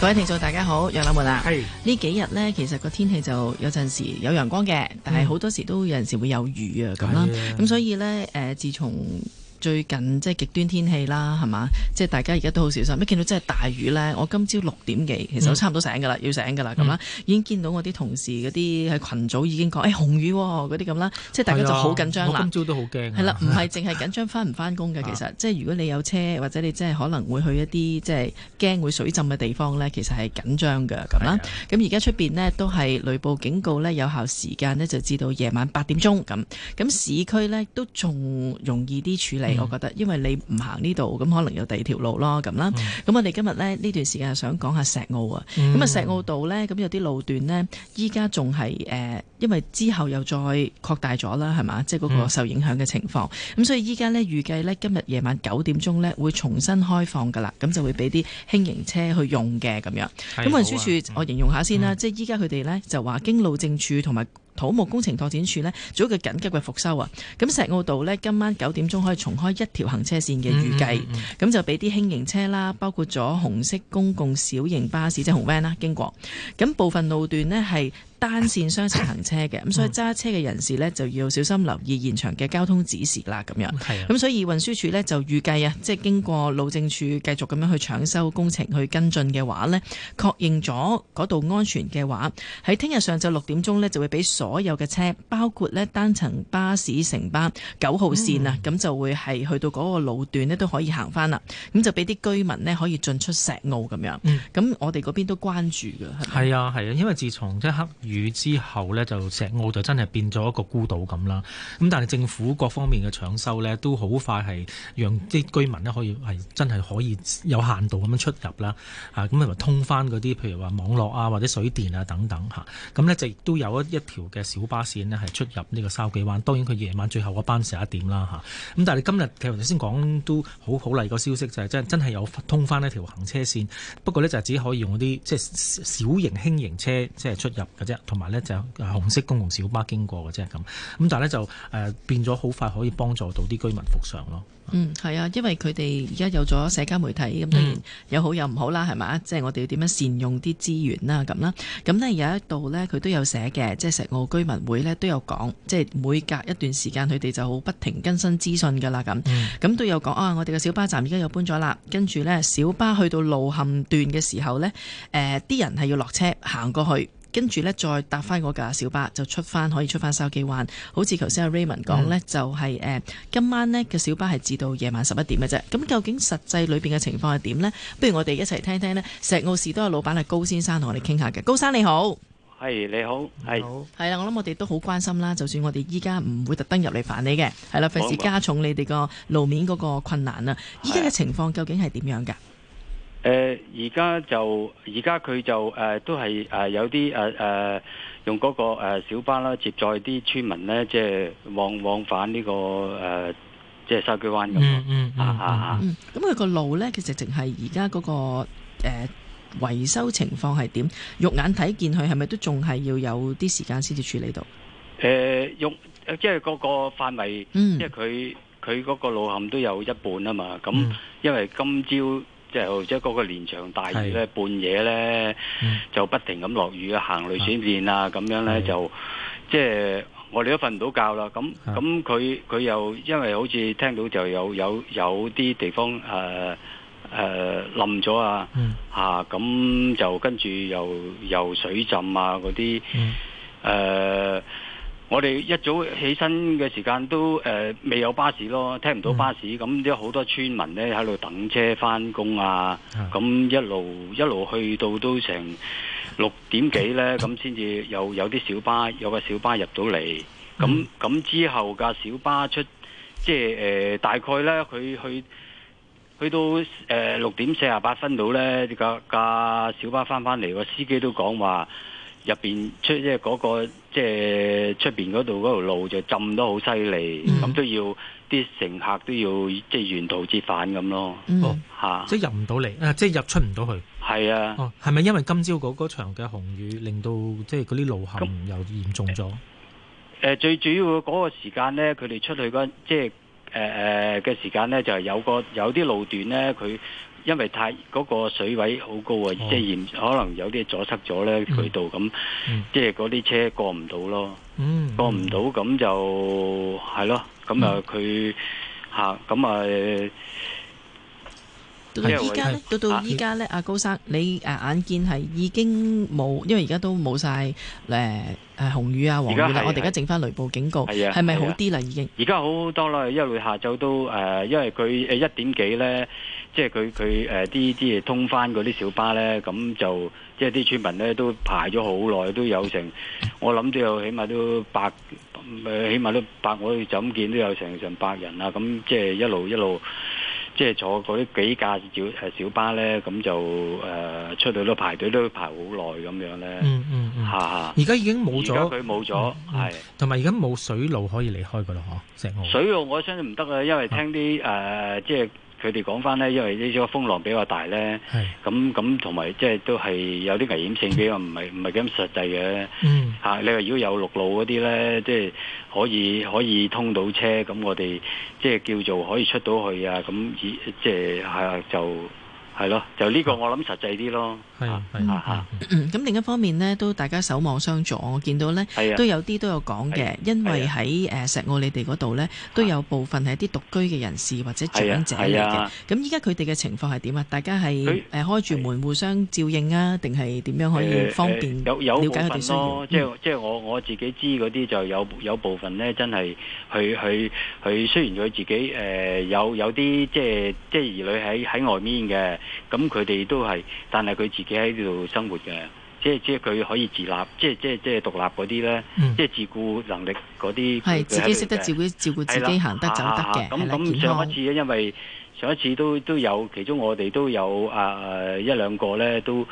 各位聽眾，大家好，楊柳門啊，呢是幾日呢，其實個天氣就有陣時有陽光嘅，嗯、但係好多時都有陣時會有雨啊，咁啦，咁所以呢，誒、呃，自從。最近即係極端天氣啦，係嘛？即係大家而家都好小心。一見到真係大雨呢，我今朝六點幾，其實我差唔多醒㗎啦，嗯、要醒㗎啦咁啦。已經見到我啲同事嗰啲喺群組已經講，誒、哎、紅雨嗰啲咁啦，即係大家就好緊、啊、緊張。我今朝都好驚。係啦，唔係淨係緊張翻唔翻工嘅，其實、啊、即係如果你有車或者你真係可能會去一啲即係驚會水浸嘅地方呢，其實係緊張㗎咁啦。咁而家出面呢，都係雷暴警告呢，有效時間呢，就至到夜晚八點鐘咁。咁市區呢，都仲容易啲處理。我覺得，因為你唔行呢度，咁可能有第二條路咯，咁啦、嗯。咁我哋今日咧呢段時間係想講下石澳啊。咁啊、嗯、石澳道咧，咁有啲路段呢，依家仲係因為之後又再擴大咗啦，係嘛？即係嗰個受影響嘅情況。咁、嗯、所以依家咧預計咧，今日夜晚九點鐘咧會重新開放㗎啦。咁就會俾啲輕型車去用嘅咁樣。咁運輸署我形容下先啦，嗯、即係依家佢哋咧就話經路政署同埋土木工程拓展署呢做一個緊急嘅復修啊，咁石澳道呢，今晚九點鐘可以重開一條行車線嘅預計，咁、mm hmm. 就俾啲輕型車啦，包括咗紅色公共小型巴士即係、就是、紅 van 啦經過，咁部分路段呢，係，單線雙程行車嘅，咁所以揸車嘅人士呢，就要小心留意現場嘅交通指示啦，咁樣。咁、啊、所以運輸署呢，就預計啊，即係經過路政署繼續咁樣去搶修工程去跟進嘅話呢，確認咗嗰度安全嘅話，喺聽日上晝六點鐘呢，就會俾所有嘅車，包括呢單層巴士乘班、城巴九號線啊，咁、嗯、就會係去到嗰個路段呢，都可以行翻啦。咁就俾啲居民呢，可以進出石澳咁樣。咁、嗯、我哋嗰邊都關注㗎。係啊，係啊，因為自從即係雨之後呢，就石澳就真係變咗一個孤島咁啦。咁但係政府各方面嘅搶修呢，都好快係讓啲居民呢，可以係真係可以有限度咁樣出入啦。啊，咁啊通翻嗰啲，譬如話網絡啊，或者水電啊等等嚇。咁、啊、呢，就亦都有一條嘅小巴士線呢，咧，係出入呢個筲箕灣。當然佢夜晚最後一班十一點啦嚇。咁、啊、但係今日頭先講都好好利個消息，就係真真係有通翻一條行車線。不過呢，就係、是、只可以用啲即係小型輕型車即係、就是、出入嘅啫。同埋呢，就是、紅色公共小巴經過嘅，啫。咁咁。但係呢，就誒變咗好快，可以幫助到啲居民服上咯。嗯，係啊，因為佢哋而家有咗社交媒體，咁當然有好有唔好啦，係咪、嗯？即係、就是、我哋要點樣善用啲資源啦，咁啦。咁呢有一度呢，佢都有寫嘅，即、就、係、是、石澳居民會呢都有講，即、就、係、是、每隔一段時間，佢哋就好不停更新資訊㗎喇。咁咁、嗯、都有講啊，我哋嘅小巴站而家又搬咗啦。跟住呢，小巴去到路陷段嘅時候呢，啲、呃、人係要落車行過去。跟住呢，再搭翻我架小巴就出翻，可以出翻筲箕灣。好似頭先阿 Raymond 講呢，嗯、就係、是、誒、呃、今晚呢，嘅小巴係至到夜晚十一點嘅啫。咁究竟實際裏面嘅情況係點呢？不如我哋一齊聽聽呢。石澳士多嘅老闆係高先生同我哋傾下嘅。高生你好，係你好，係好。係啦，我諗我哋都好關心啦。就算我哋依家唔會特登入嚟煩你嘅，係啦，費事加重你哋個路面嗰個困難啦。依家嘅情況究竟係點樣㗎？誒，而家、呃、就而家佢就誒、呃，都係誒有啲誒誒，用嗰個誒小巴啦接載啲村民咧，即係往往返呢、這個誒、呃，即係筲箕灣咁啊啊！咁佢個路咧，其實淨係而家嗰個誒維、呃、修情況係點？肉眼睇見佢係咪都仲係要有啲時間先至處理到？誒、呃，用即係嗰個範圍，即、嗯、因為佢佢嗰個路陷都有一半啊嘛。咁因為今朝。即係即係嗰個連場大雨咧，是的 半夜咧、嗯、就不停咁落雨啊，行雷閃電啊，咁是的 樣咧是的 就即係、就是、我哋都瞓唔到覺啦。咁咁佢佢又因為好似聽到就有有有啲地方誒誒冧咗啊，嚇咁是的、啊、就跟住又又水浸啊嗰啲誒。是的 我哋一早起身嘅時間都誒、呃、未有巴士咯，聽唔到巴士，咁啲好多村民咧喺度等車翻工啊，咁、嗯、一路一路去到都成六點幾咧，咁先至有有啲小巴，有個小巴入到嚟，咁咁、嗯、之後架小巴出，即係誒、呃、大概咧佢去去到、呃、六點四十八分度咧，架架小巴翻翻嚟，個司機都講話。入邊出即係嗰，那個即係出邊嗰度嗰條路就浸得好犀利，咁、嗯、都要啲乘客都要即係沿途折返咁咯。嗯、哦，吓、呃，即係入唔到嚟，誒，即係入出唔到去。係啊。哦，係咪因為今朝嗰嗰場嘅紅雨令到即係嗰啲路行又嚴重咗？誒、呃，最主要嗰個時間咧，佢哋出去嗰即係誒誒嘅時間咧，就係、是、有個有啲路段咧，佢。因為太嗰個水位好高啊，即係嚴，可能有啲阻塞咗咧，佢度咁，即係嗰啲車過唔到咯，過唔到咁就係咯。咁啊，佢吓，咁啊，即係依家咧，到到依家咧，阿高生你誒眼見係已經冇，因為而家都冇晒誒誒紅雨啊黃雨，我哋而家整翻雷暴警告，係咪好啲啦？已經而家好多啦，因為佢下晝都誒，因為佢一點幾咧。即係佢佢誒啲啲通返嗰啲小巴咧，咁就即係啲村民咧都排咗好耐，都有成我諗都有起碼都百誒、呃，起碼都百，我哋就咁見都有成成百人啦、啊。咁即係一路一路即係坐嗰啲幾架小誒小巴咧，咁就誒、呃、出去都排隊都排好耐咁樣咧、嗯。嗯嗯嗯，嚇、啊！而家已經冇咗，而家佢冇咗，係同埋而家冇水路可以離開噶咯嗬，成水路我相信唔得啊，因為聽啲誒、嗯呃、即係。佢哋講翻咧，因為呢個風浪比較大咧，咁咁同埋即係都係有啲危險性比較唔係唔係咁實際嘅。嚇、嗯啊，你話如果有陸路嗰啲咧，即、就、係、是、可以可以通到車，咁我哋即係叫做可以出到去啊，咁以即係係就。係咯，就呢個我諗實際啲咯。係啊，嚇嚇、嗯。咁另一方面呢，都大家守望相助。我見到呢，啊、都有啲都有講嘅，啊、因為喺誒石澳你哋嗰度呢，啊、都有部分係一啲獨居嘅人士或者長者嚟嘅。咁依家佢哋嘅情況係點啊？大家係誒是、啊、開住門互相照應啊，定係點樣可以方便瞭解佢哋？有，有，有部分咯，嗯、即係即係我我自己知嗰啲就有有部分呢，真係佢佢佢，雖然佢自己誒、呃、有有啲即係即係兒女喺喺外面嘅。咁佢哋都係，但係佢自己喺呢度生活嘅，即係即係佢可以自立，即係即係即係獨立嗰啲咧，即係自顧能力嗰啲，係自己識得照顧照顧自己，行得走得嘅。咁咁上一次咧，因為上一次都都有，其中我哋都有啊一兩個咧，都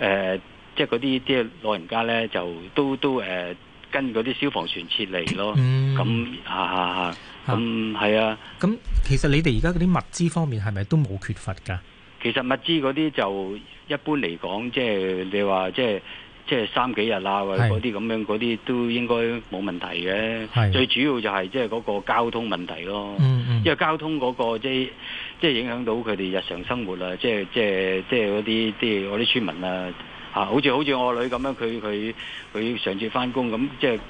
誒即係嗰啲即係老人家咧，就都都誒跟嗰啲消防船撤離咯。咁啊下下，咁係啊。咁其實你哋而家嗰啲物資方面係咪都冇缺乏噶其實物資嗰啲就一般嚟講，即係你話即係即係三幾日啊，或者嗰啲咁樣嗰啲都應該冇問題嘅。係最主要就係即係嗰個交通問題咯，嗯嗯因為交通嗰個即係即係影響到佢哋日常生活啊，即係即係即係嗰啲，即係我啲村民啊，嚇，好似好似我女咁樣，佢佢佢上次返工咁即係。那就是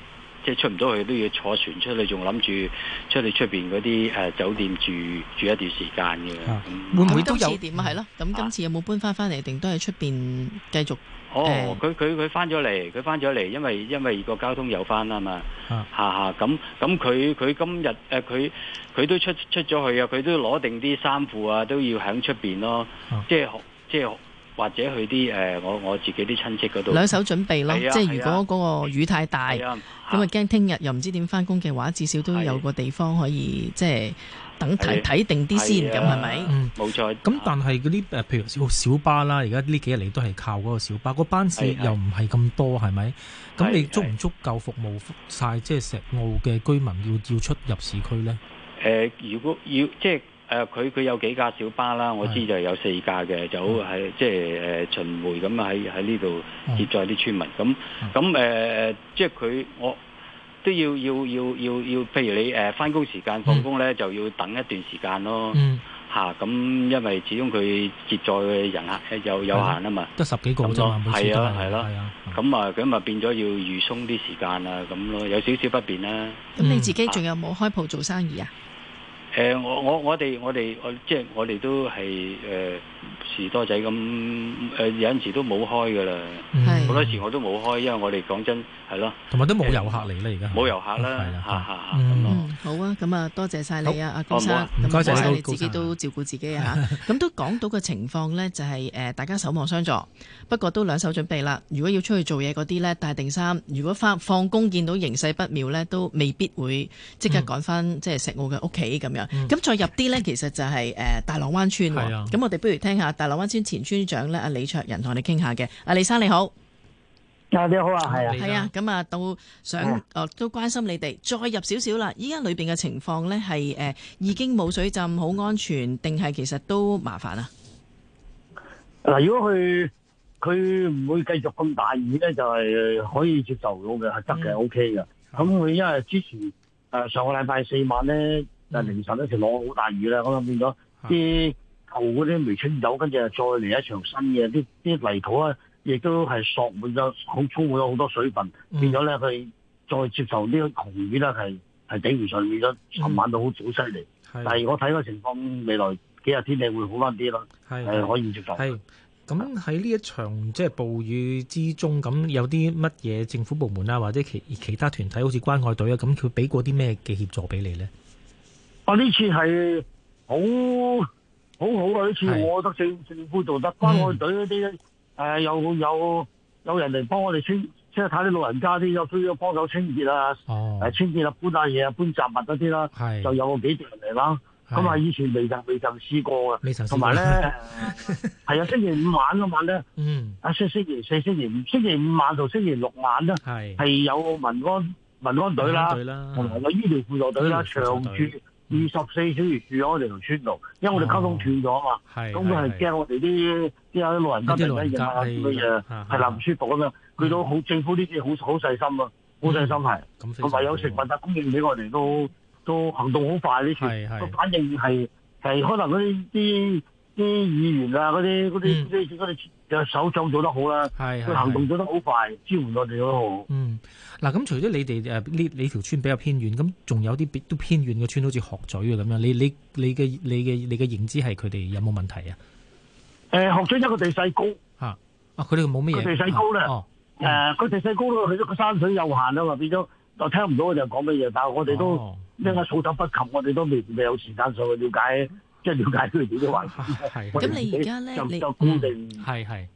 即係出唔到去都要坐船出去，仲諗住出去出邊嗰啲誒酒店住住一段時間嘅。啊嗯、會唔會都有？點啊、嗯？係咯，咁今次有冇搬翻翻嚟，定都喺出邊繼續？哦，佢佢佢翻咗嚟，佢翻咗嚟，因為因為個交通有翻啦嘛。嚇嚇、啊，咁咁佢佢今日誒佢佢都出出咗去啊，佢都攞定啲衫褲啊，都要喺出邊咯。啊、即係即係。或者去啲誒、呃，我我自己啲親戚嗰度兩手準備咯，啊啊、即係如果嗰個雨太大，咁啊驚聽日又唔知點返工嘅話，至少都有個地方可以、啊、即係等睇睇、啊、定啲先，咁係咪？吧嗯，冇錯。咁、嗯、但係嗰啲誒，譬如小巴啦，而家呢幾日嚟都係靠嗰個小巴，個班次又唔係咁多，係咪、啊？咁、啊、你足唔足夠服務晒？即、就、係、是、石澳嘅居民要要出入市區咧、呃？如果要即係。誒佢佢有幾架小巴啦，我知就係有四架嘅，就好係即係誒巡迴咁喺喺呢度接載啲村民咁咁誒即係佢我都要要要要要，譬如你誒返工時間放工咧，就要等一段時間咯嚇，咁，因為始終佢接載嘅人客有有有限啊嘛，得十幾個啫，係啊係咯，咁啊咁啊變咗要預鬆啲時間啊咁咯，有少少不便啦。咁你自己仲有冇開鋪做生意啊？誒，我我我哋我哋我即係我哋都係誒，時多仔咁誒，有陣時都冇開噶啦，好多時我都冇開，因為我哋講真係咯，同埋都冇遊客嚟啦而家冇遊客啦，吓吓吓，咁咯，好啊，咁啊，多謝晒你啊，阿高生，多謝晒你，自己都照顧自己吓，咁都講到嘅情況咧，就係誒，大家守望相助，不過都兩手準備啦。如果要出去做嘢嗰啲咧，帶定衫，如果翻放工見到形勢不妙咧，都未必會即刻趕翻即係石澳嘅屋企咁樣。咁、嗯、再入啲咧，其實就係、是、誒、呃、大浪灣村，咁、啊、我哋不如聽下大浪灣村前村長咧，阿李卓仁同我哋傾下嘅。阿李生你好，大家、啊、好啊，係啊，係啊。咁啊，到想、嗯啊、都關心你哋，再入少少啦。依家裏邊嘅情況咧，係誒、呃、已經冇水浸，好安全，定係其實都麻煩啊？嗱、呃，如果佢佢唔會繼續咁大雨咧，就係、是、可以接受到嘅，係得嘅，O K 嘅。咁佢、嗯 OK、因為之前誒、呃、上個禮拜四晚咧。嗯、凌晨一時就落好大雨啦，咁啊變咗啲舊嗰啲未清走，跟住再嚟一場新嘅啲啲泥土啊，亦都係索滿咗，好充滿咗好多水分，嗯、變咗咧佢再接受呢個狂雨咧，係係頂唔上，變咗尋晚到好早犀利。嗯、但係我睇個情況，未來幾日天氣會好翻啲咯，係的可以接受。係咁喺呢一場即係暴雨之中，咁有啲乜嘢政府部門啊，或者其其他團體，好似關愛隊啊，咁佢俾過啲咩嘅協助俾你咧？我呢次係好好好啊！呢次我覺得政政府做得，關愛隊嗰啲誒，有有有人嚟幫我哋清，即係睇啲老人家啲有需要幫手清潔啊，誒清潔啦，搬下嘢啊，搬雜物嗰啲啦，就有幾隊人嚟啦。咁啊，以前未就未嘗試過啊，同埋咧係啊，星期五晚嗰晚咧，啊星期四、星期五，星期五晚同星期六晚咧，係有民安民安隊啦，同埋個醫療輔助隊啦，長駐。二十四小時住咗我哋條村度，因為我哋溝通斷咗啊嘛，咁佢係驚我哋啲啲有啲老人家突然間認唔下啲乜嘢，係唔舒服咁樣。佢都好，政府呢啲嘢好好細心啊，好細心係。同埋有食物嘅供應俾我哋，都都行動好快呢。啲，都反應係係可能嗰啲啲議員啊，啲啲嗰啲。手早做得好啦，佢係行動做得好快，支援我哋都好。嗯，嗱咁，除咗你哋誒呢，你條村比較偏遠，咁仲有啲都偏遠嘅村，好似鶴咀咁樣。你你你嘅你嘅你嘅認知係佢哋有冇問題啊？誒、呃，鶴咀一個地勢高嚇、啊，啊，佢哋冇乜嘢。地勢高啦，誒、啊，佢、哦呃、地勢高咯，佢都個山水有限啊嘛，變咗就聽唔到佢哋講乜嘢，但係我哋都、哦、因為措手不及，我哋都未、嗯、未，未有時間上去了解。即係了解佢哋啲話。係。咁你而家咧，你就固定係係。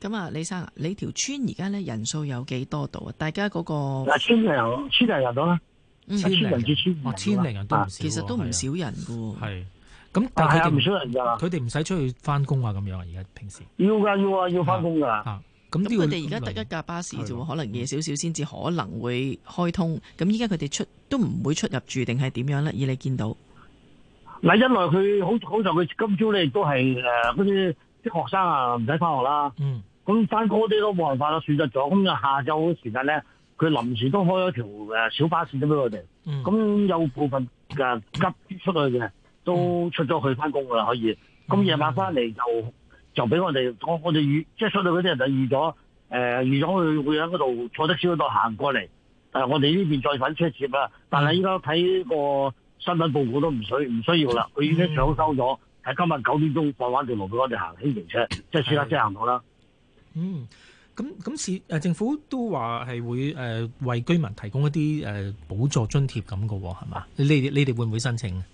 咁啊，李生，你條村而家咧人數有幾多度？啊？大家嗰個。一千零，千零人到啦。千零至千千零人都唔少。其實都唔少人嘅喎。咁。但係唔少人㗎。佢哋唔使出去翻工啊？咁樣啊？而家平時。要㗎，要啊，要翻工㗎。啊。咁呢個。佢哋而家得一架巴士就喎，可能夜少少先至可能會開通。咁依家佢哋出都唔會出入住定係點樣咧？以你見到。嗱，一來佢好，好在佢今朝咧亦都係誒嗰啲啲學生啊，唔使翻學啦。嗯。咁翻工啲都冇辦法啦，選擇咗。咁啊，下晝時間咧，佢臨時都開咗條誒小巴線咁俾我哋。嗯。咁有部分嘅急出去嘅，都出咗去翻工噶啦，可以。咁夜晚翻嚟就就俾我哋我我哋預即係出去嗰啲人就預咗誒預咗去會喺嗰度坐的士都行過嚟，誒、呃、我哋呢邊再搵車接啦。但係依家睇個。新聞報告都唔需唔需要啦，佢已經搶收咗。係、嗯、今日九點鐘放返條路俾我哋行輕型車，即係私家車行到啦。嗯，咁咁、嗯、市誒政府都話係會誒、呃、為居民提供一啲誒、呃、補助津貼咁嘅係嘛？你你哋會唔會申請啊、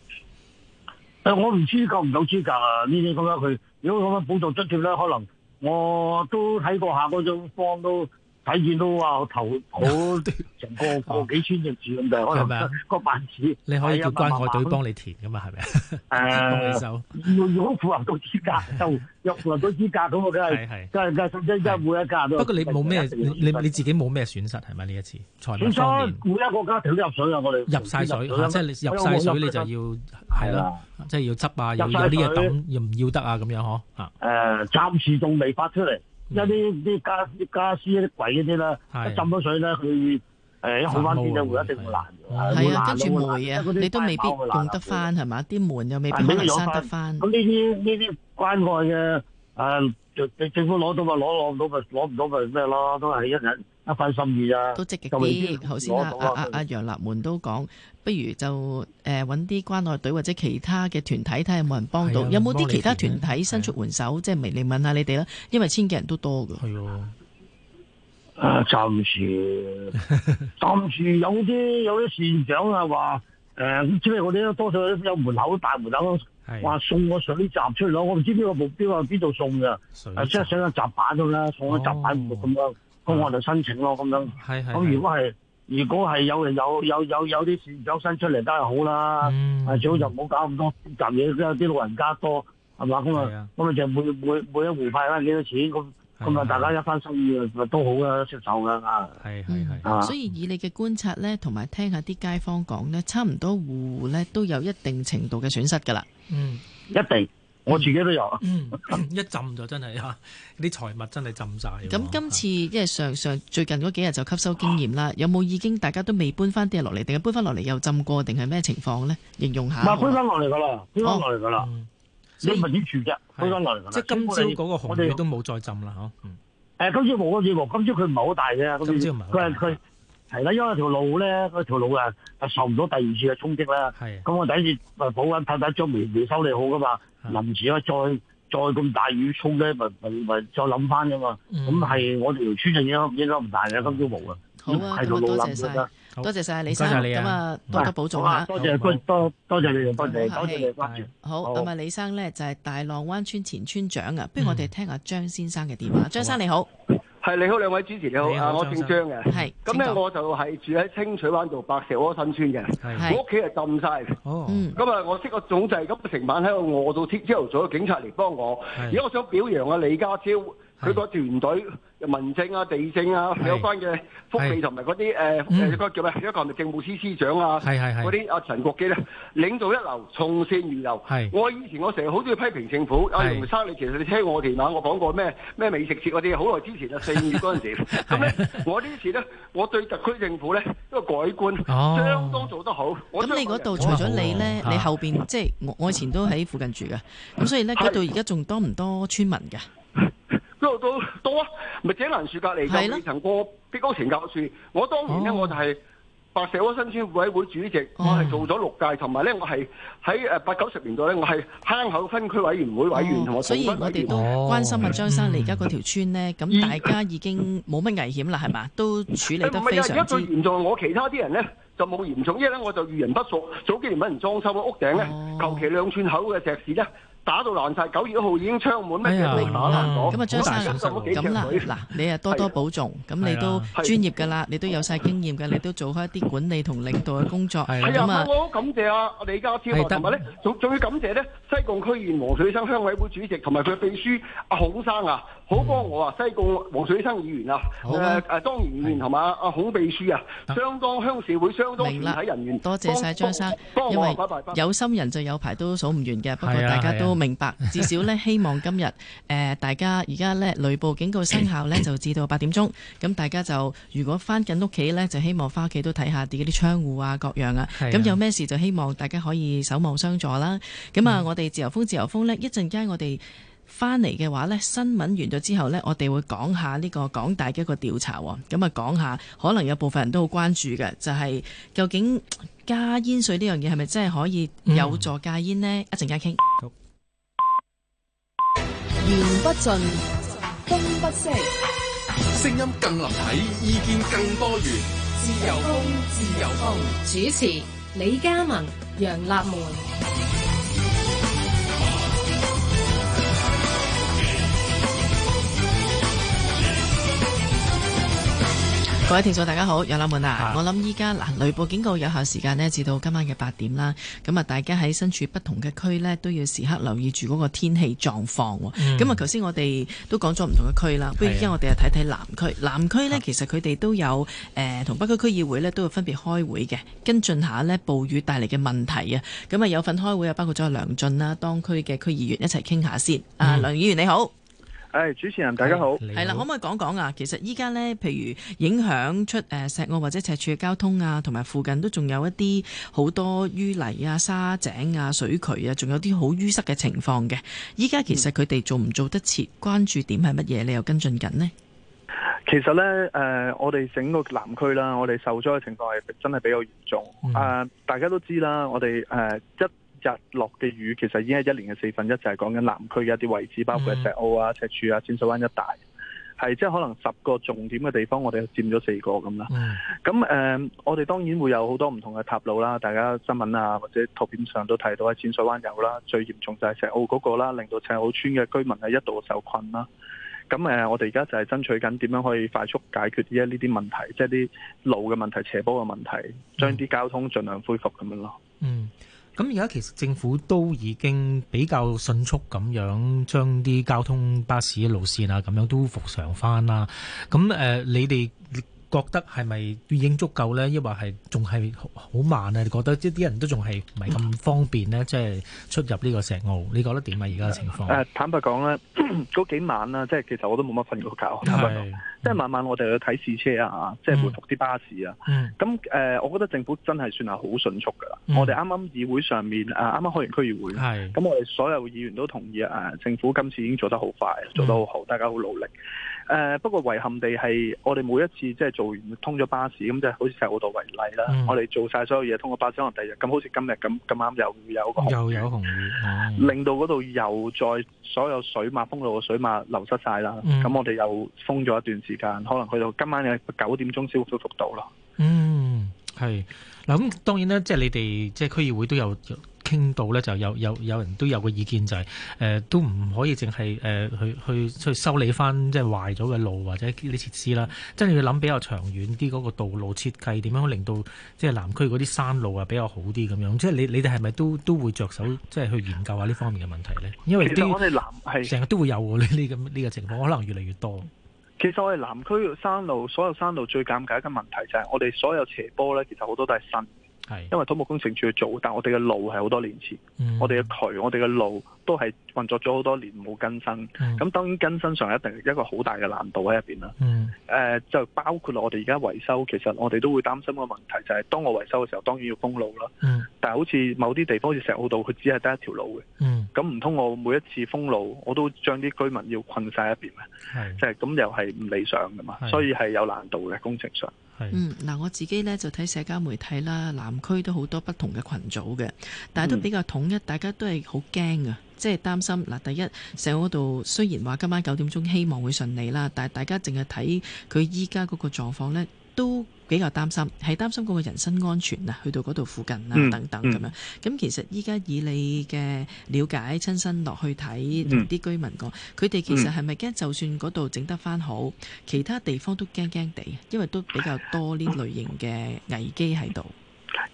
呃？我唔知夠唔夠資格啊！呢啲咁樣，佢如果咁樣補助津貼咧，可能我都睇過下嗰種方都。睇見到啊，我頭好成個個幾千隻字咁，就可能個辦事，你可以叫關愛隊幫你填噶嘛，係咪？誒，幫你手要要符合到資格就入合到資格咁，我梗係係係，真係真係真係每一格。不過你冇咩，你你你自己冇咩損失係咪呢一次財務方面？唔錯，每一個家庭都入水啊，我哋入曬水，即係你入曬水，你就要係啦，即係要執啊，又要呢一等，要唔要得啊？咁樣呵啊？誒，暫時仲未發出嚟。嗯、的一啲啲家啲家私一啲櫃，嗰啲啦，浸咗水咧，佢誒一好翻先咧，會一定會爛嘅，的會爛咗嘅，因為你都未必用得翻係咪？啲門又未必可以閂得翻。咁呢啲呢啲關愛嘅誒，政、嗯啊、政府攞到咪攞，攞到咪攞唔到咪咩咯？都係一人。一份心意啊，都積極啲。頭先阿阿阿阿楊立門都講，不如就誒揾啲關愛隊或者其他嘅團體睇下，有冇人幫到？啊、有冇啲其他團體伸出援手？即係嚟嚟問下你哋啦。因為千幾人都多嘅。係啊暫時暫時有啲有啲善長啊話誒，即係我哋多數有有門口大門口，話送我上啲站出嚟咯。啊、我唔知邊個目標係邊度送㗎，即係、啊、上緊站板咁啦，送緊站板度咁樣。咁我就申請咯，咁樣。咁係係如果係，如果係有人有有有有啲事伸出嚟，都係好啦。啊，最好就唔好搞咁多雜嘢，因為啲老人家多，係嘛、嗯？咁啊，咁啊，就每每每一戶派翻幾多錢，咁咁啊，係係大家一翻生意啊，都好啦，出手噶啊。係係係。所以以你嘅觀察咧，同埋聽下啲街坊講咧，差唔多戶戶咧都有一定程度嘅損失噶啦。嗯，一定。我自己都有，嗯，一浸就真係吓，啲財物真係浸晒。咁今次因為上上最近嗰幾日就吸收經驗啦。有冇已經大家都未搬翻啲落嚟，定係搬翻落嚟又浸過，定係咩情況咧？形容下。唔係搬翻落嚟噶啦，搬翻落嚟噶啦，你唔係住啫？搬翻落嚟。即係今朝嗰個紅雨都冇再浸啦，嗬。誒，今朝冇，今朝冇，今朝佢唔係好大嘅。今朝唔係。係佢。係啦，因為條路咧，嗰條路啊，受唔到第二次嘅衝擊啦。係，咁我第一次保安太太將未未修理好噶嘛，臨時啊再再咁大雨沖咧，咪咪再諗翻噶嘛。咁係我哋條村陣嘢應該唔大嘅，今朝冇啊。好啊，好多謝晒，多謝晒李生，咁啊，多多保重啊，多謝多多謝你，多謝多謝關注。好，咁啊，李生咧就係大浪灣村前村長啊，不如我哋聽下張先生嘅電話。張生你好。係你好，兩位主持，你好，你好啊，正我姓張嘅，咁咧、嗯嗯、我就係住喺清水灣道白石窩新村嘅，嗯嗯嗯嗯，我屋企係浸晒，咁啊我識個總就咁，成晚喺度餓到朝頭早，警察嚟幫我，而家我想表揚啊李家超。佢個團隊民政啊、地政啊、有關嘅福利同埋嗰啲誒誒嗰個叫咩？如果講埋政務司司長啊，嗰啲阿陳國基咧，領導一流，從善如流。係我以前我成日好中意批評政府。阿龍生，你其實你聽我電話啊，我講過咩咩美食節嗰啲，好耐之前啊，四月嗰陣時。係。咁咧，我呢次咧，我對特區政府咧，都改觀相當做得好。咁你嗰度除咗你咧，你後邊即係我我以前都喺附近住嘅，咁所以咧嗰度而家仲多唔多村民㗎？都多啊，咪井欄樹隔籬就未曾過必高情夾樹。我當年咧，oh. 我就係白石窩新村委員會主席，我係、oh. 做咗六屆，同埋咧，我係喺誒八九十年代咧，我係坑口分區委員會委員同、oh. 我三分委員。所以，我哋都關心啊，張生、oh. 嗯，你而家嗰條村咧，咁大家已經冇乜危險啦，係嘛？都處理得非常之。唔係啊，而家最嚴重我其他啲人咧就冇嚴重，因為咧我就遇人不淑，早幾年揾人裝修咯屋頂咧，求其兩寸口嘅石屎咧。打到爛晒，九月一號已經窗門咩打爛咁啊、哎、張生咁啦，嗱你啊多多保重，咁的你都專業㗎啦，的你都有晒經驗㗎，的你都做開一啲管理同領導嘅工作係啦嘛。係我好感謝啊，李家超同埋咧，仲仲要感謝咧西貢區議員黃水生鄉委會主席同埋佢秘書阿孔生啊！好幫我啊，西貢黃水生議員啊，誒誒吧，啊、當然議員同埋阿孔秘書啊，相當鄉社會，相當前體人員明多謝晒張生，啊、因為拜拜有心人就有排都數唔完嘅。不過大家都明白，啊啊、至少呢，希望今日、呃、大家而家呢，雷暴警告生效呢，就至到八點鐘。咁 大家就如果翻緊屋企呢，就希望翻屋企都睇下自己啲窗戶啊各樣啊。咁、啊、有咩事就希望大家可以守望相助啦。咁啊，嗯、我哋自由風自由風呢，一陣間我哋。返嚟嘅話呢，新聞完咗之後呢，我哋會講下呢個港大嘅一個調查喎。咁就講下可能有部分人都好關注嘅就係、是、究竟加煙稅呢樣嘢係咪真係可以有助戒煙呢，一陣間傾。言不盡，風不息，聲音更立體，意見更多元。自由風自由風。主持李家文、楊立門。各位聽眾大家好，有喇們啊！的我諗依家嗱，雷暴警告有效時間呢至到今晚嘅八點啦。咁啊，大家喺身處不同嘅區呢，都要時刻留意住嗰個天氣狀況。咁啊，嗯，頭先我哋都講咗唔同嘅區啦，不如而家我哋又睇睇南區。的南區呢，其實佢哋都有誒，同，呃，北區區議會呢都要分別開會嘅，跟進下呢暴雨帶嚟嘅問題啊。咁啊，有份開會啊，包括咗梁進啦，當區嘅區議員一齊傾下先。啊，嗯，梁議員你好。誒，主持人大家好。係啦，可唔可以講講啊？其實依家呢，譬如影響出誒石澳或者赤柱嘅交通啊，同埋附近都仲有一啲好多淤泥啊、沙井啊、水渠啊，仲有啲好淤塞嘅情況嘅。依家其實佢哋做唔做得切，關注點係乜嘢？你又跟進緊呢？嗯、其實呢，誒、呃，我哋整個南區啦，我哋受災嘅情況係真係比較嚴重。誒、呃，大家都知啦，我哋誒、呃、一。日落嘅雨，其實已經係一年嘅四分一，就係講緊南區嘅一啲位置，包括石澳啊、赤柱啊、淺水灣一帶，係即係可能十個重點嘅地方，我哋佔咗四個咁啦。咁誒、mm. 呃，我哋當然會有好多唔同嘅塌路啦，大家新聞啊或者圖片上都睇到喺淺水灣有啦，最嚴重就係石澳嗰個啦，令到石澳村嘅居民係一度受困啦。咁誒、呃，我哋而家就係爭取緊點樣可以快速解決啲呢啲問題，即係啲路嘅問題、斜坡嘅問題，將啲交通盡量恢復咁樣咯。嗯。Mm. 咁而家其實政府都已經比較迅速咁樣將啲交通巴士嘅路線啊，咁樣都復常返啦。咁誒，你哋覺得係咪已經足夠呢？抑或係仲係好慢啊？你覺得即啲人都仲係唔係咁方便呢？即係出入呢個石澳，你覺得點啊？而家嘅情況？誒，坦白講呢，嗰幾晚啦，即係其實我都冇乜瞓過覺，即係晚晚我哋去睇試車、嗯、啊，嗯、即係恢復啲巴士啊。咁誒，我覺得政府真係算係好迅速噶啦。嗯、我哋啱啱議會上面啊，啱啱開完區議會，咁是我哋所有議員都同意啊，政府今次已經做得好快，做得好好，大家好努力。誒、呃，不過遺憾地係，我哋每一次即係做完通咗巴士咁，係好似石澳道為例啦。嗯、我哋做晒所有嘢，通過巴士，可能第日，咁好似今日咁，咁啱又有一個又有紅雨，哎、令到嗰度又再所有水馬封路嘅水馬流失晒啦。咁、嗯、我哋又封咗一段時間，可能去到今晚嘅九點鐘先都恢復到啦。嗯，係嗱，咁當然啦，即係你哋即係區議會都有。傾到咧，就有有有人都有個意見就係，誒都唔可以淨係誒去去去修理翻即係壞咗嘅路或者啲設施啦。真係要諗比較長遠啲，嗰個道路設計點樣令到即係南區嗰啲山路啊，比較好啲咁樣。即係你你哋係咪都都會着手即係去研究下呢方面嘅問題呢？因為我哋南係成日都會有呢呢咁呢個情況，可能越嚟越多。其實我哋南區山路所有山路最尷尬嘅問題就係我哋所有斜坡咧，其實好多都係新。因為土木工程處做，但我哋嘅路係好多年前，嗯、我哋嘅渠、我哋嘅路都係運作咗好多年冇更新，咁、嗯、當然更新上一定一個好大嘅難度喺入邊啦。誒、嗯呃，就包括我哋而家維修，其實我哋都會擔心個問題就係，當我維修嘅時候，當然要封路啦。嗯、但係好似某啲地方，好似石澳道，佢只係得一條路嘅。咁唔通我每一次封路，我都將啲居民要困晒一邊就係、是、咁又係唔理想噶嘛，嗯、所以係有難度嘅工程上。是嗯，嗱，我自己呢，就睇社交媒體啦，南區都好多不同嘅群組嘅，但係都比較統一，大家都係好驚嘅，嗯、即係擔心。嗱，第一，社嗰度雖然話今晚九點鐘希望會順利啦，但係大家淨係睇佢依家嗰個狀況呢。都比較擔心，係擔心嗰個人身安全啊，去到嗰度附近啊等等咁樣。咁、嗯嗯、其實依家以你嘅了解、親身落去睇同啲居民講，佢哋、嗯嗯、其實係咪驚？就算嗰度整得返好，其他地方都驚驚地，因為都比較多呢類型嘅危機喺度。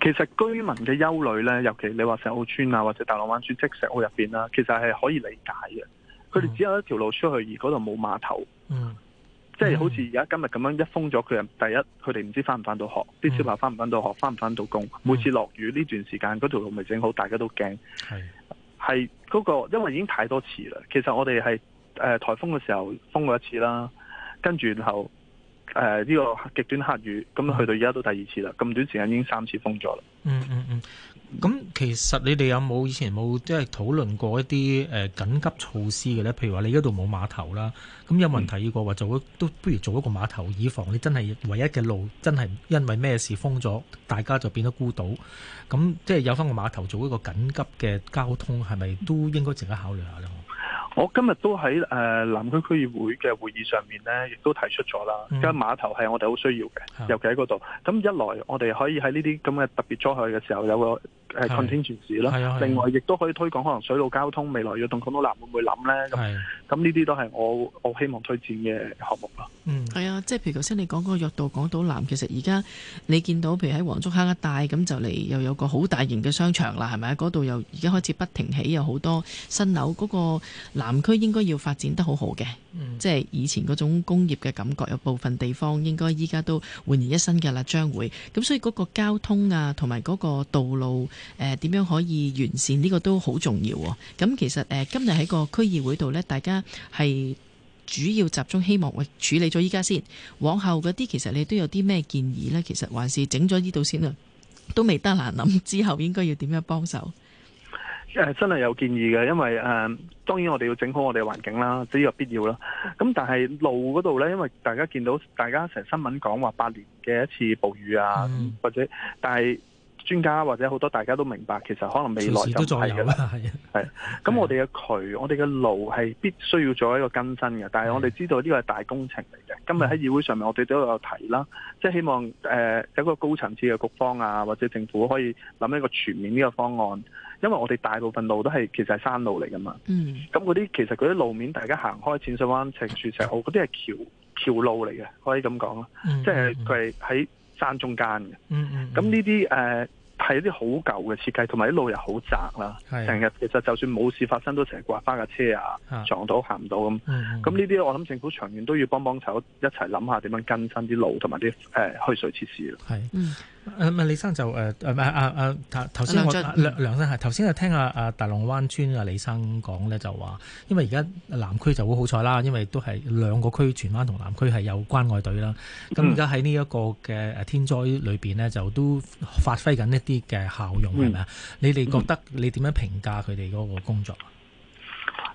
其實居民嘅憂慮呢，尤其你話石澳村啊，或者大浪灣村即石澳入邊啦，其實係可以理解嘅。佢哋只有一條路出去，而嗰度冇碼頭。嗯。嗯。嗯、即係好似而家今日咁樣一封咗佢，第一佢哋唔知返唔返到學，啲小朋友返唔返到學，返唔返到工。嗯、每次落雨呢段時間，嗰條路未整好，大家都驚。係係嗰個，因為已經太多次啦。其實我哋係誒颱風嘅時候封過一次啦，跟住然後誒呢、呃呢個極端黑雨，咁去到而家都第二次啦。咁、嗯、短時間已經三次封咗啦、嗯。嗯嗯嗯。咁其實你哋有冇以前冇即係討論過一啲誒緊急措施嘅咧？譬如話你依度冇碼頭啦，咁有冇人提議過話做都不如做一個碼頭以防你真係唯一嘅路真係因為咩事封咗，大家就變得孤島，咁即係有翻個碼頭做一個緊急嘅交通，係咪都應該值得考慮下咧？我今日都喺、呃、南區區議會嘅會議上面咧，亦都提出咗啦。咁、嗯、碼頭係我哋好需要嘅，尤其喺嗰度。咁一來，我哋可以喺呢啲咁嘅特別災害嘅時候有個誒抗是天全市咯。另外，亦都可以推廣可能水路交通未來要同港島南會唔會諗咧咁。咁呢啲都係我我希望推薦嘅項目啦。嗯，係啊、嗯，即係譬如頭先你講嗰個約道港島南，其實而家你見到，譬如喺黃竹坑一帶咁就嚟又有個好大型嘅商場啦，係咪？嗰度又而家開始不停起有好多新樓，嗰、嗰個南區應該要發展得好好嘅。嗯、即係以前嗰種工業嘅感覺，有部分地方應該依家都煥然一新嘅啦，將會。咁所以嗰個交通啊，同埋嗰個道路，呃，點樣可以完善，呢、呢個都好重要喎、啊。咁其實、呃、今日喺個區議會度呢，大家。係主要集中希望喂處理咗依家先，往後嗰啲其實你都有啲咩建議呢？其實還是整咗呢度先啊，都未得閒諗之後應該要點樣幫手。真係有建議嘅，因為誒、呃，當然我哋要整好我哋環境啦，呢個必要啦。咁但係路嗰度呢，因為大家見到大家成日新聞講話八年嘅一次暴雨啊，嗯、或者但係。專家或者好多大家都明白，其實可能未來就係嘅啦。咁我哋嘅渠，係。我哋嘅路係必須要做一個更新嘅。但係我哋知道呢個係大工程嚟嘅。係。今日喺議會上面，我哋都有提啦，即係希望誒、呃、有一個高層次嘅局方啊，或者政府可以諗一個全面呢個方案。因為我哋大部分路都係其實係山路嚟㗎嘛。咁嗰啲其實嗰啲路面，大家行開淺水灣、赤柱、石澳嗰啲係橋橋路嚟嘅，可以咁講啦。嗯嗯嗯。即係佢係喺山中間嘅。咁呢啲誒，係一啲好舊嘅設計，同埋啲路又好窄啦。成日是其實就算冇事發生，都成日刮花架車啊，撞到行唔到咁。咁呢啲我諗政府長遠都要幫幫手，一齊諗下點樣更新啲路同埋啲誒去水設施咯。係。嗯李生就誒誒咪阿阿頭先我梁梁生頭先就聽阿阿大浪灣村李生講咧就話，因為而家南區就好好彩啦，因為都係兩個區荃灣同南區係有關愛隊啦。咁而家喺呢一個嘅天災裏面呢，就都發揮緊一啲嘅效用係咪啊？你哋覺得你點樣評價佢哋嗰個工作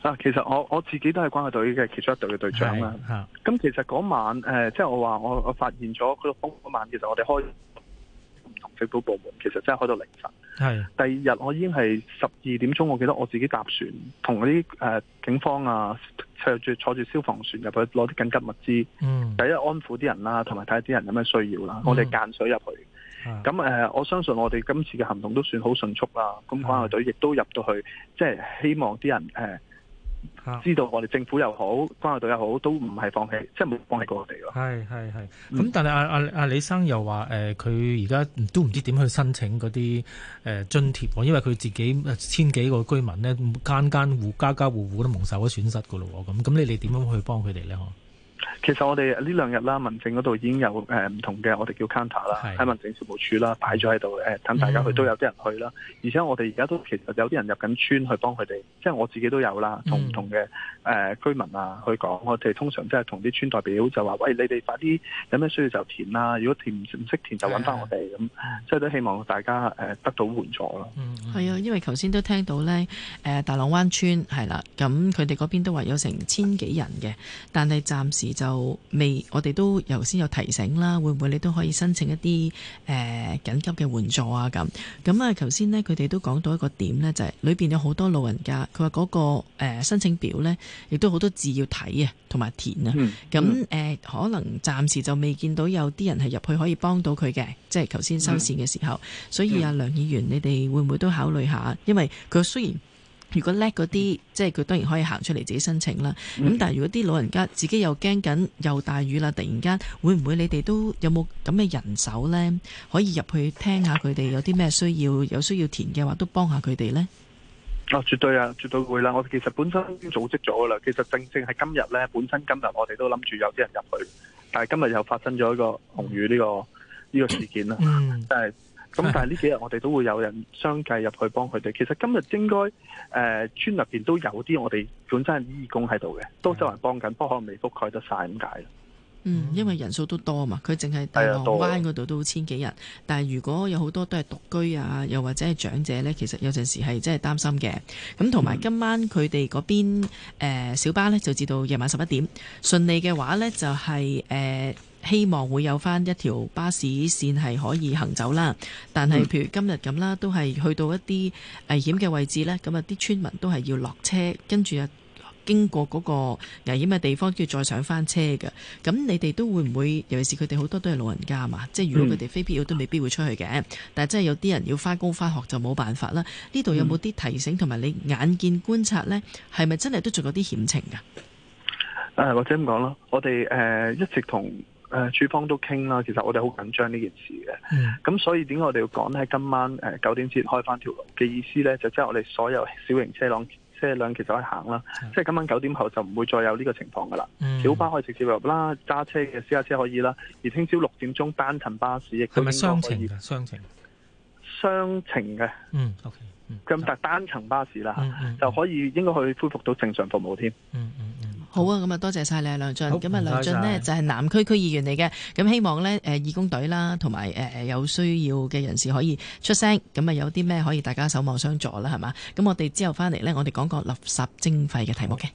啊？其實我我自己都係關係關愛隊嘅其中一隊嘅隊長啦。咁其實嗰晚誒、呃，即係我話我我發現咗嗰晚，其實我哋開政府部門其實真係開到凌晨，係的第二日我已經係十二點鐘，我記得我自己搭船同嗰啲誒警方啊坐住坐住消防船入去攞啲緊急物資，嗯、第一安撫啲人啦，同埋睇下啲人有咩需要啦。嗯、我哋間水入去，咁誒的、呃，我相信我哋今次嘅行動都算好迅速啦。咁消防隊亦都入到去，的即係希望啲人誒。呃知道我哋政府又好，關愛隊又好，都唔係放棄，即係冇放棄過我哋咯。係係係，咁、嗯、但係阿阿阿李生又話，誒、呃，佢而家都唔知點去申請嗰啲誒津貼喎，因為佢自己千幾個居民咧，間間戶家家戶戶都蒙受咗損失噶咯，咁咁你哋點樣去幫佢哋咧？其實我哋呢兩日啦，民政嗰度已經有誒唔同嘅我哋叫 counter 啦的，喺民政事務處啦，擺咗喺度誒，等大家去、嗯、都有啲人去啦。而且我哋而家都其實有啲人入緊村去幫佢哋，即係我自己都有啦，同唔同嘅誒、嗯呃、居民啊去講。我哋通常即係同啲村代表就話，喂，你哋快啲有咩需要就填啦。如果填唔識填就搵返我哋咁，即係的、嗯、都希望大家誒、呃、得到援助咯。嗯，係啊，因為頭先都聽到咧，誒大浪灣村係啦，咁佢哋嗰邊都話有成千幾人嘅，但係暫時就，就未，我哋都頭先有提醒啦，會唔會你都可以申請一啲誒緊急嘅援助啊？咁咁啊，頭先咧佢哋都講到一個點咧，就係、是、裏邊有好多老人家，佢話嗰個、呃、申請表咧，亦都好多字要睇啊，同埋填啊。咁誒可能暫時就未見到有啲人係入去可以幫到佢嘅，即係頭先收線嘅時候。嗯、所以阿、啊、梁議員，你哋會唔會都考慮下？因為佢雖然如果叻嗰啲，即係佢當然可以行出嚟自己申請啦。咁但係如果啲老人家自己又驚緊又大雨啦，突然間會唔會你哋都有冇咁嘅人手呢？可以入去聽下佢哋有啲咩需要，有需要填嘅話，都幫下佢哋呢。啊，絕對啊，絕對會啦。我其實本身組織咗啦，其實正正係今日呢，本身今日我哋都諗住有啲人入去，但係今日又發生咗一個紅雨呢個呢個事件啦，真係。咁 但係呢幾日我哋都會有人相繼入去幫佢哋。其實今日應該誒、呃、村入面都有啲我哋本身義工喺度嘅，都周圍幫緊，的不過未覆蓋得晒。咁解嗯，因為人數都多啊嘛，佢淨係大浪灣嗰度都千幾人，但係如果有好多都係獨居啊，又或者係長者呢，其實有陣時係真係擔心嘅。咁同埋今晚佢哋嗰邊、呃、小巴呢，就至到夜晚十一點，順利嘅話呢，就係、是、誒。呃希望會有翻一條巴士線係可以行走啦，但係譬如今日咁啦，都係去到一啲危險嘅位置呢。咁啊啲村民都係要落車，跟住啊經過嗰個危險嘅地方，叫再上翻車嘅。咁你哋都會唔會？尤其是佢哋好多都係老人家嘛，即係如果佢哋非必要都未必會出去嘅。嗯、但係真係有啲人要翻工翻學就冇辦法啦。呢度有冇啲提醒同埋你眼見觀察呢，係咪真係都仲有啲險情㗎？誒，或者咁講咯，我哋誒、呃、一直同。誒、呃，處方都傾啦。其實我哋好緊張呢件事嘅。咁、嗯、所以點解我哋要講喺今晚、呃、九點前開返條路嘅意思呢，就即、是、係我哋所有小型車輛車輛其實可以行啦。的即係今晚九點後就唔會再有呢個情況㗎喇。嗯、小巴可以直接入啦，揸車嘅私家車可以啦。而聽朝六點鐘單層巴士係咪雙程嘅？雙程，雙程嘅。咁但、嗯 okay，嗯、單層巴士啦，嗯嗯、就可以、嗯嗯、應該可以恢復到正常服務添。嗯嗯嗯好啊，咁啊多謝晒你啊梁進。咁啊好梁進呢謝謝，就係南區區議員嚟嘅。咁希望呢誒、呃、義工隊啦，同埋誒有需要嘅人士可以出聲，咁啊有啲咩可以大家守望相助啦，係嘛，咁我哋之後翻嚟呢，我哋講個垃圾徵費嘅題目嘅。